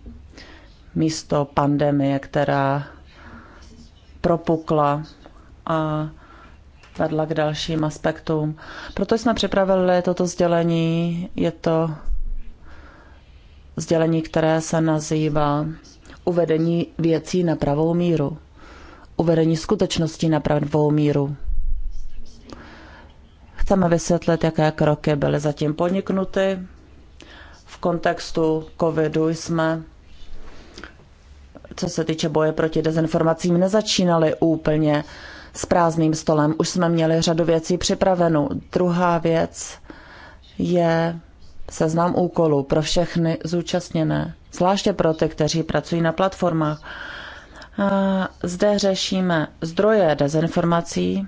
místo pandemie, která propukla a vedla k dalším aspektům. Proto jsme připravili toto sdělení. Je to sdělení, které se nazývá uvedení věcí na pravou míru, uvedení skutečností na pravou míru. Chceme vysvětlit, jaké kroky byly zatím podniknuty. V kontextu covidu jsme co se týče boje proti dezinformacím, nezačínali úplně s prázdným stolem. Už jsme měli řadu věcí připravenou. Druhá věc je seznam úkolů pro všechny zúčastněné, zvláště pro ty, kteří pracují na platformách. A zde řešíme zdroje dezinformací,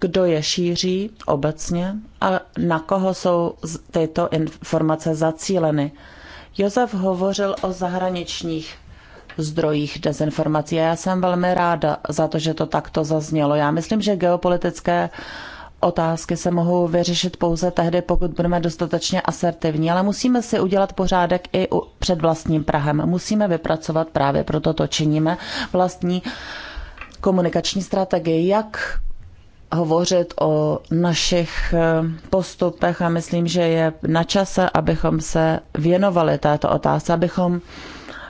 kdo je šíří obecně a na koho jsou tyto informace zacíleny. Josef hovořil o zahraničních zdrojích dezinformací a já jsem velmi ráda za to, že to takto zaznělo. Já myslím, že geopolitické uh, otázky se mohou vyřešit pouze tehdy, pokud budeme dostatečně asertivní, ale musíme si udělat pořádek i u, před vlastním Prahem. Musíme vypracovat právě proto to činíme vlastní komunikační strategii, jak hovořit o našich eh, postupech a myslím, že je na čase, abychom se věnovali této otázce, abychom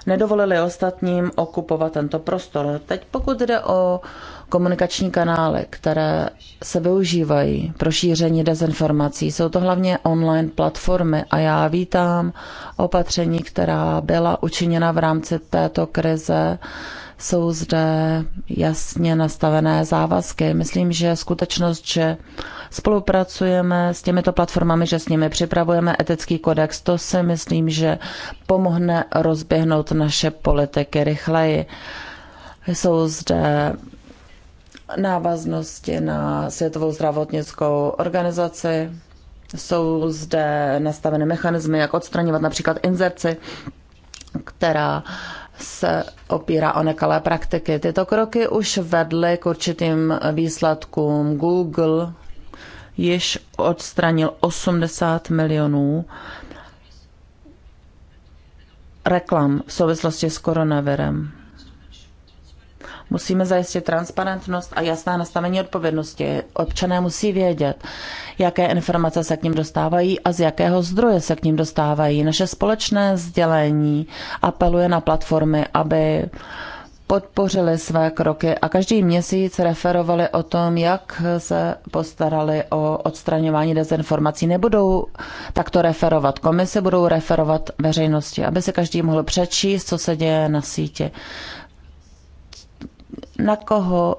nedovolili ostatním okupovat tento prostor. Teď pokud jde o komunikační kanály, které se využívají pro šíření dezinformací. Jsou to hlavně online platformy a já vítám opatření, která byla učiněna v rámci této krize. Jsou zde jasně nastavené závazky. Myslím, že skutečnost, že spolupracujeme s těmito platformami, že s nimi připravujeme etický kodex, to si myslím, že pomohne rozběhnout naše politiky rychleji. Jsou zde návaznosti na Světovou zdravotnickou organizaci. Jsou zde nastaveny mechanismy, jak odstraňovat například inzerci, která se opírá o nekalé praktiky. Tyto kroky už vedly k určitým výsledkům. Google již odstranil 80 milionů reklam v souvislosti s koronavirem. Musíme zajistit transparentnost a jasné nastavení odpovědnosti. Občané musí vědět, jaké informace se k ním dostávají a z jakého zdroje se k ním dostávají. Naše společné sdělení apeluje na platformy, aby podpořili své kroky a každý měsíc referovali o tom, jak se postarali o odstraňování dezinformací. Nebudou takto referovat komise, budou referovat veřejnosti, aby se každý mohl přečíst, co se děje na síti na koho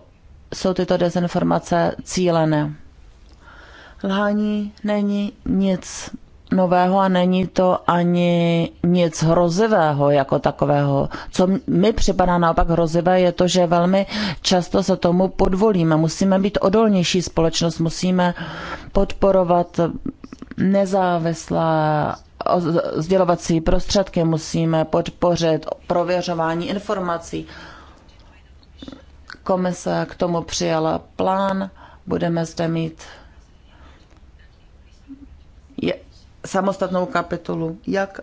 jsou tyto dezinformace cílené. Lhání není nic nového a není to ani nic hrozivého jako takového. Co mi připadá naopak hrozivé je to, že velmi často se tomu podvolíme. Musíme být odolnější společnost, musíme podporovat nezávislá sdělovací prostředky, musíme podpořit prověřování informací Komise k tomu přijala plán, budeme zde mít je, samostatnou kapitolu, jak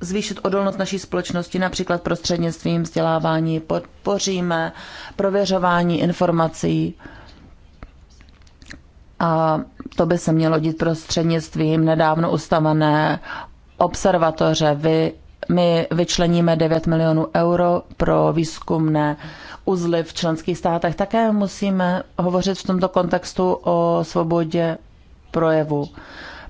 zvýšit odolnost naší společnosti, například prostřednictvím vzdělávání, podpoříme prověřování informací a to by se mělo dít prostřednictvím nedávno ustavené observatoře. Vy, my vyčleníme 9 milionů euro pro výzkumné uzly v členských státech. Také musíme hovořit v tomto kontextu o svobodě projevu.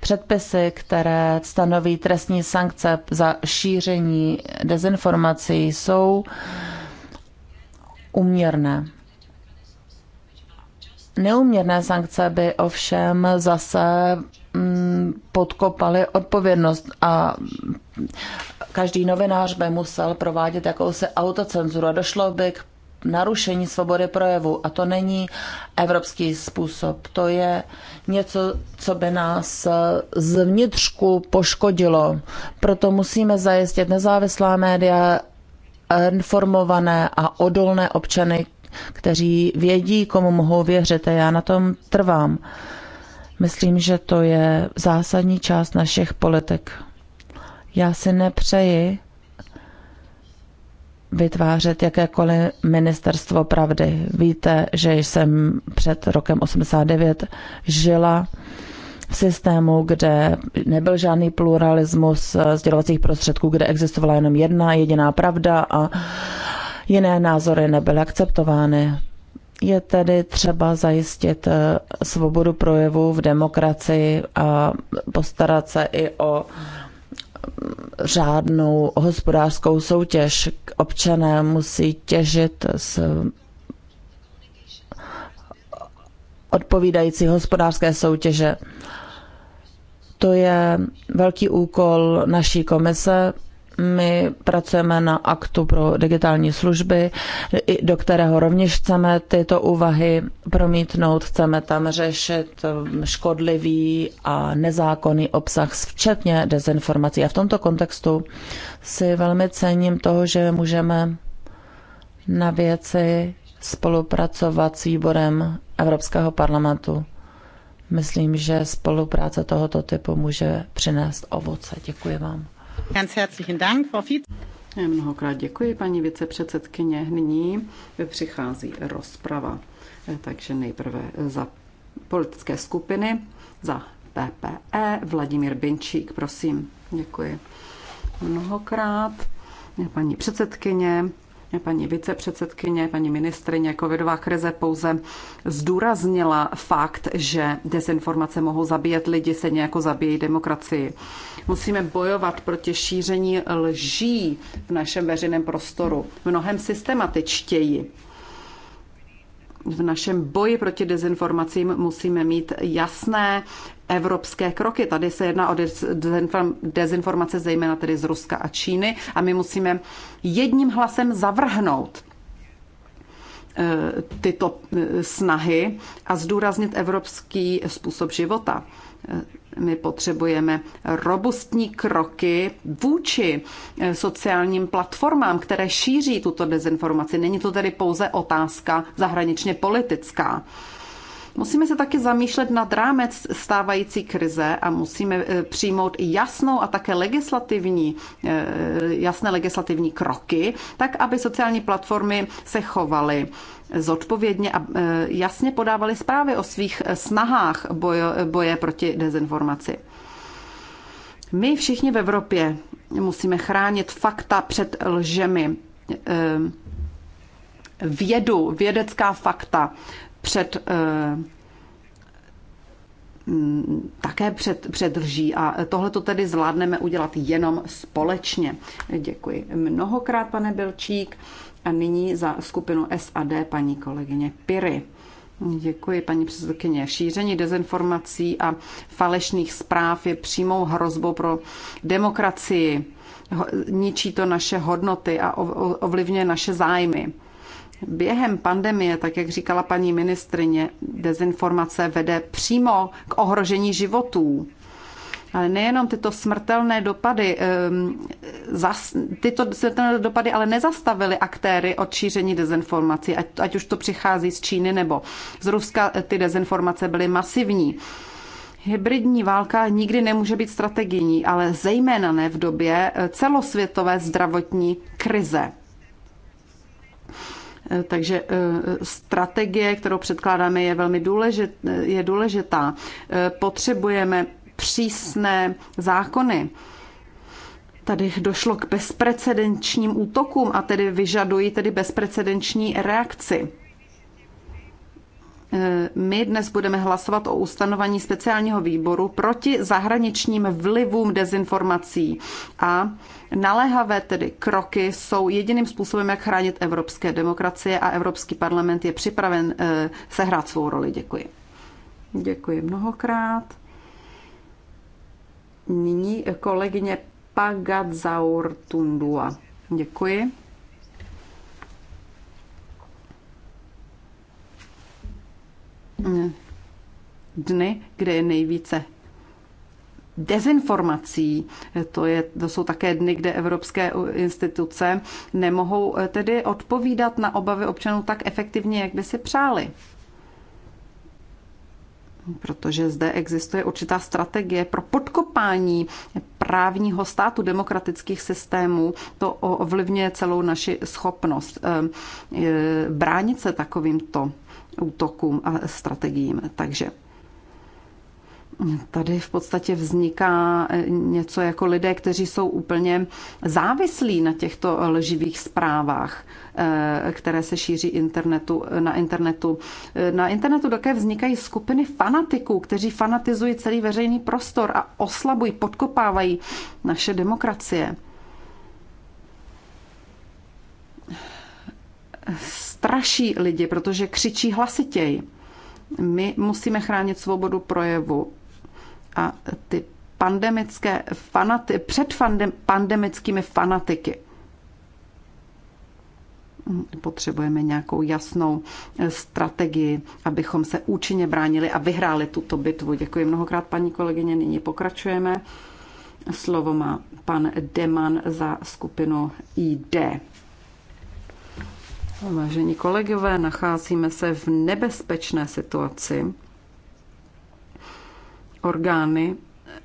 Předpisy, které stanoví trestní sankce za šíření dezinformací, jsou uměrné. Neuměrné sankce by ovšem zase mm, podkopaly odpovědnost a každý novinář by musel provádět jakousi autocenzuru a došlo by k narušení svobody projevu. A to není evropský způsob. To je něco, co by nás eh, zvnitřku poškodilo. Proto musíme zajistit nezávislá média, informované a odolné občany, kteří vědí, komu mohou věřit. A já na tom trvám. Myslím, že to je zásadní část našich politik. Já si nepřeji, vytvářet jakékoliv ministerstvo pravdy. Víte, že jsem před rokem 89 žila v systému, kde nebyl žádný pluralismus sdělovacích prostředků, kde existovala jenom jedna jediná pravda a jiné názory nebyly akceptovány. Je tedy třeba zajistit eh, svobodu projevu v demokracii a postarat se i o řádnou hospodářskou soutěž. Občané musí těžit z odpovídající hospodářské soutěže. To je velký úkol naší komise my pracujeme na aktu pro digitální služby, do kterého rovněž chceme tyto úvahy promítnout. Chceme tam řešit um, škodlivý a nezákonný obsah, včetně dezinformací. A v tomto kontextu si velmi cením toho, že můžeme na věci spolupracovat s výborem Evropského parlamentu. Myslím, že spolupráce tohoto typu může přinést ovoce. Děkuji vám. Ganz herzlichen Dank, Frau Mnohokrát děkuji, paní vicepředsedkyně. Nyní přichází rozprava. Takže nejprve za politické skupiny, za PPE, Vladimír Binčík, prosím. Děkuji mnohokrát. Paní předsedkyně, paní vicepředsedkyně, paní ministrině, covidová krize pouze zdůraznila fakt, že dezinformace mohou zabíjet lidi, se jako zabíjí demokracii. Musíme bojovat proti šíření lží v našem veřejném prostoru mnohem systematičtěji. V našem boji proti dezinformacím musíme mít jasné evropské kroky. Tady se jedná o dezinformace zejména tedy z Ruska a Číny a my musíme jedním hlasem zavrhnout eh, tyto eh, snahy a zdůraznit evropský způsob života. My potřebujeme robustní kroky vůči eh, sociálním platformám, které šíří tuto dezinformaci. Není to tedy pouze otázka zahraničně politická. Musíme se také zamýšlet nad rámec stávající krize a musíme eh, přijmout jasnou a také legislativní, eh, jasné legislativní kroky, tak aby sociální platformy se chovaly zodpovědně a eh, jasně podávali zprávy o svých snahách boje, boje proti dezinformaci. My všichni v Evropě musíme chránit fakta před lžemi. Vědu, vědecká fakta, před eh, mm, také před, před lží a tohle to tedy zvládneme udělat jenom společně. Děkuji mnohokrát, pane Bilčík. A nyní za skupinu SAD paní kolegyně Piry. Děkuji, paní předsedkyně. Šíření dezinformací a falešných zpráv je přímou hrozbou pro demokracii. Ničí to naše hodnoty a ovlivňuje naše zájmy. Během pandemie, tak jak říkala paní ministrině, dezinformace vede přímo k ohrožení životů. Ale nejenom tyto smrtelné dopady, ehm, zas, tyto smrtelné dopady ale nezastavily aktéry od šíření dezinformací, ať, ať už to přichází z Číny nebo z Ruska, eh, ty dezinformace byly masivní. Hybridní válka nikdy nemůže být strategií, ale zejména ne v době eh, celosvětové zdravotní krize. Eh, takže eh, strategie, kterou předkládáme, je velmi je důležitá. Eh, potřebujeme přísné zákony. Tady došlo k bezprecedenčním útokům a tedy vyžadují tedy bezprecedenční reakci my dnes budeme hlasovat o ustanovení speciálního výboru proti zahraničním vlivům dezinformací a naléhavé tedy kroky jsou jediným způsobem, jak chránit evropské demokracie a Evropský parlament je připraven eh, sehrát svou roli. Děkuji. Děkuji mnohokrát. Nyní kolegyně Pagadzaur Tundua. Děkuji. dny, kde je nejvíce dezinformací. To, je, to jsou také dny, kde evropské instituce nemohou eh, tedy odpovídat na obavy občanů tak efektivně, jak by si přáli. Protože zde existuje určitá strategie pro podkopání právního státu demokratických systémů. To ovlivňuje celou naši schopnost eh, bránit se takovýmto útokům a strategiím. Takže Tady v podstatě vzniká eh, něco jako lidé, kteří jsou úplně závislí na těchto lživých zprávách, eh, které se šíří internetu, na internetu. Eh, na internetu také vznikají skupiny fanatiků, kteří fanatizují celý veřejný prostor a oslabují, podkopávají naše demokracie straší lidi, protože křičí hlasitěji. My musíme chránit svobodu projevu a ty pandemické fanaty, před pandemickými fanatiky. Potřebujeme nějakou jasnou eh, strategii, abychom se účinně bránili a vyhráli tuto bitvu. Děkuji mnohokrát, paní kolegyně. Nyní pokračujeme. Slovo má pan Deman za skupinu ID. Vážení kolegové, nacházíme se v nebezpečné situaci. Orgány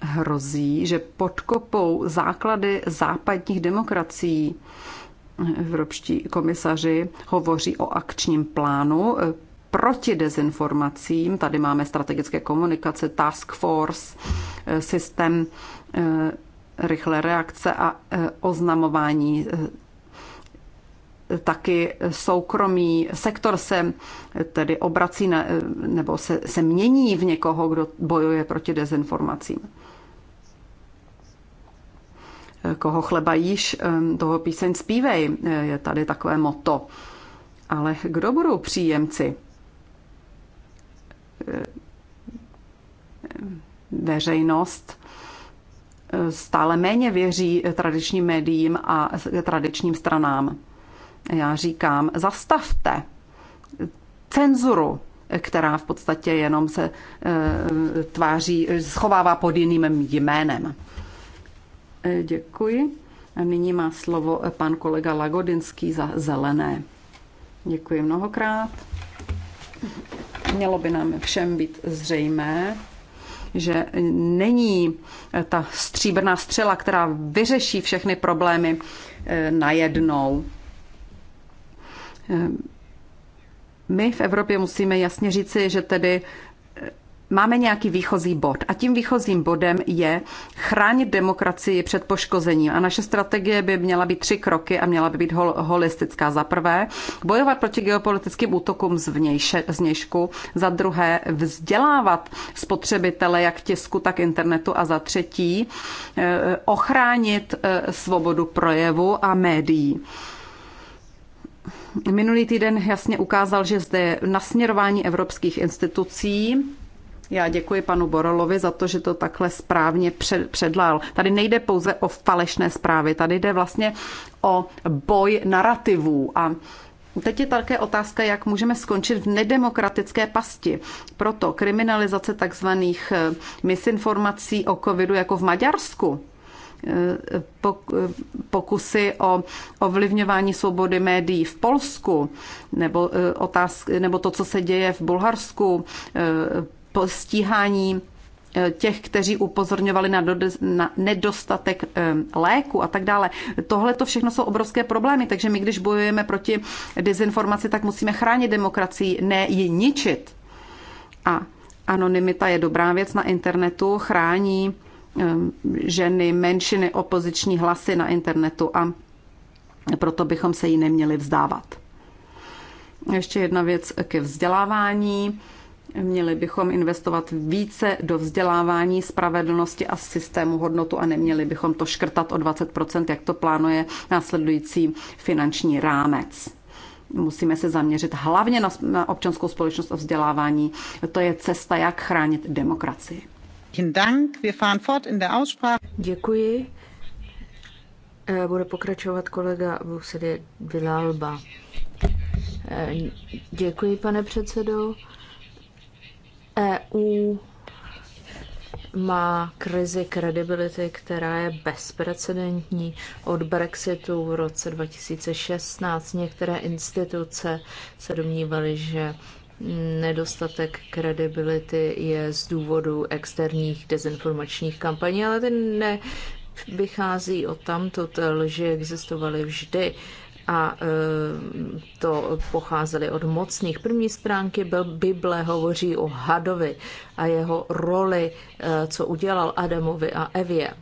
hrozí, že podkopou základy západních demokracií. Evropští komisaři hovoří o akčním plánu eh, proti dezinformacím. Tady máme strategické komunikace, task force, eh, systém eh, rychlé reakce a oznamování taky soukromý sektor se tedy obrací na, nebo se, se mění v někoho, kdo bojuje proti dezinformacím. Koho chleba jíš, toho píseň zpívej, je tady takové moto. Ale kdo budou příjemci? Veřejnost stále méně věří tradičním médiím a tradičním stranám já říkám, zastavte cenzuru, která v podstatě jenom se e, tváří, schovává pod jiným jménem. E, děkuji. A nyní má slovo eh, pan kolega Lagodinský za zelené. Děkuji mnohokrát. Mělo by nám všem být zřejmé, že není ta stříbrná střela, která vyřeší všechny problémy najednou. Ehm, my v Evropě musíme jasně říci, že tedy eh, máme nějaký výchozí bod a tím výchozím bodem je chránit demokracii před poškozením. A naše strategie by měla být tři kroky a měla by být hol- holistická. Za prvé, bojovat proti geopolitickým útokům z vnějšku. Za druhé, vzdělávat spotřebitele jak tisku, tak internetu. A za třetí, eh, ochránit eh, svobodu projevu a médií. Minulý týden jasně ukázal, že zde nasměrování evropských institucí. Já děkuji panu Borolovi za to, že to takhle správně předlal. Tady nejde pouze o falešné zprávy, tady jde vlastně o boj narrativů a Teď je také otázka, jak můžeme skončit v nedemokratické pasti. Proto kriminalizace takzvaných eh, misinformací o covidu jako v Maďarsku pokusy o ovlivňování svobody médií v Polsku, nebo, e, otázky, nebo to, co se děje v Bulharsku, e, stíhání e, těch, kteří upozorňovali na, na nedostatek léku a tak dále. Tohle to všechno jsou obrovské problémy, takže my, když bojujeme proti dezinformaci, tak musíme chránit demokracii, ne ji ničit. A anonymita je dobrá věc na internetu, chrání Ehm, ženy, menšiny, opoziční hlasy na internetu a proto bychom se jí neměli vzdávat. Ještě jedna věc ke vzdělávání. Měli bychom investovat více do vzdělávání, spravedlnosti a systému hodnotu a neměli bychom to škrtat o 20%, jak to plánuje následující finanční rámec. Musíme se zaměřit hlavně na občanskou společnost a vzdělávání. To je cesta, jak chránit demokracii. Děkuji. Eh, bude pokračovat kolega Busedy Vilalba. Eh, děkuji, pane předsedo. EU má krizi kredibility, která je bezprecedentní od Brexitu v roce 2016. Některé instituce se domnívaly, že Nedostatek kredibility je z důvodu externích dezinformačních kampaní, ale ten ne vychází od tamto, Lži existovaly vždy a eh, to pocházely od mocných. První stránky Bible hovoří o hadovi a jeho roli, eh, co udělal Adamovi a Evě.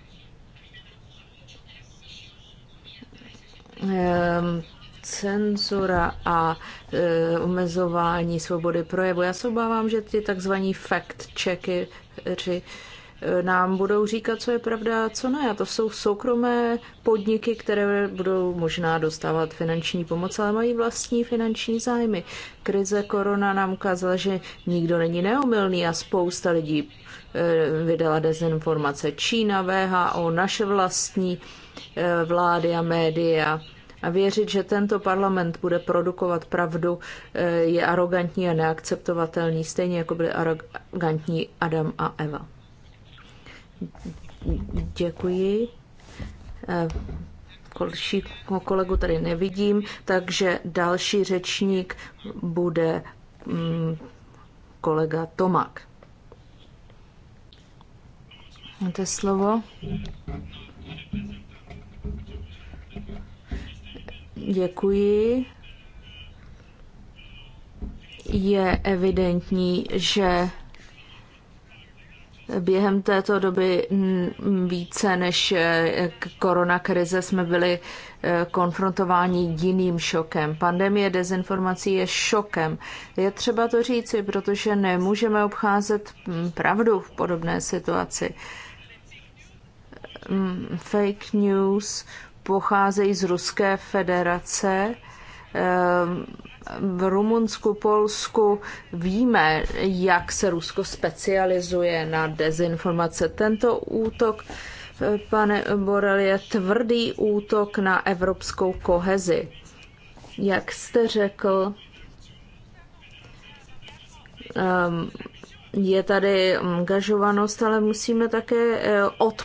Ehm, cenzura a e, omezování svobody projevu. Já se obávám, že ty takzvaní fact-checky e, nám budou říkat, co je pravda a co ne. A to jsou soukromé podniky, které budou možná dostávat finanční pomoc, ale mají vlastní finanční zájmy. Krize korona nám ukázala, že nikdo není neomylný a spousta lidí e, vydala dezinformace. Čína, VHO, naše vlastní e, vlády a média a věřit, že tento parlament bude produkovat pravdu, eh, je arrogantní a neakceptovatelný, stejně jako byli arrogantní Adam a Eva. Děkuji. Kolšího eh, kolegu tady nevidím, takže další řečník bude mm, kolega Tomak. Máte slovo? Děkuji. Je evidentní, že během této doby více než eh, korona krize jsme byli eh, konfrontováni jiným šokem. Pandemie dezinformací je šokem. Je třeba to říci, protože nemůžeme obcházet hm, pravdu v podobné situaci. Hm, fake news pocházejí z Ruské federace. Ehm, v Rumunsku, Polsku víme, jak se Rusko specializuje na dezinformace. Tento útok, pane Borel, je tvrdý útok na evropskou kohezi. Jak jste řekl, ehm, je tady angažovanost, ale musíme také eh, od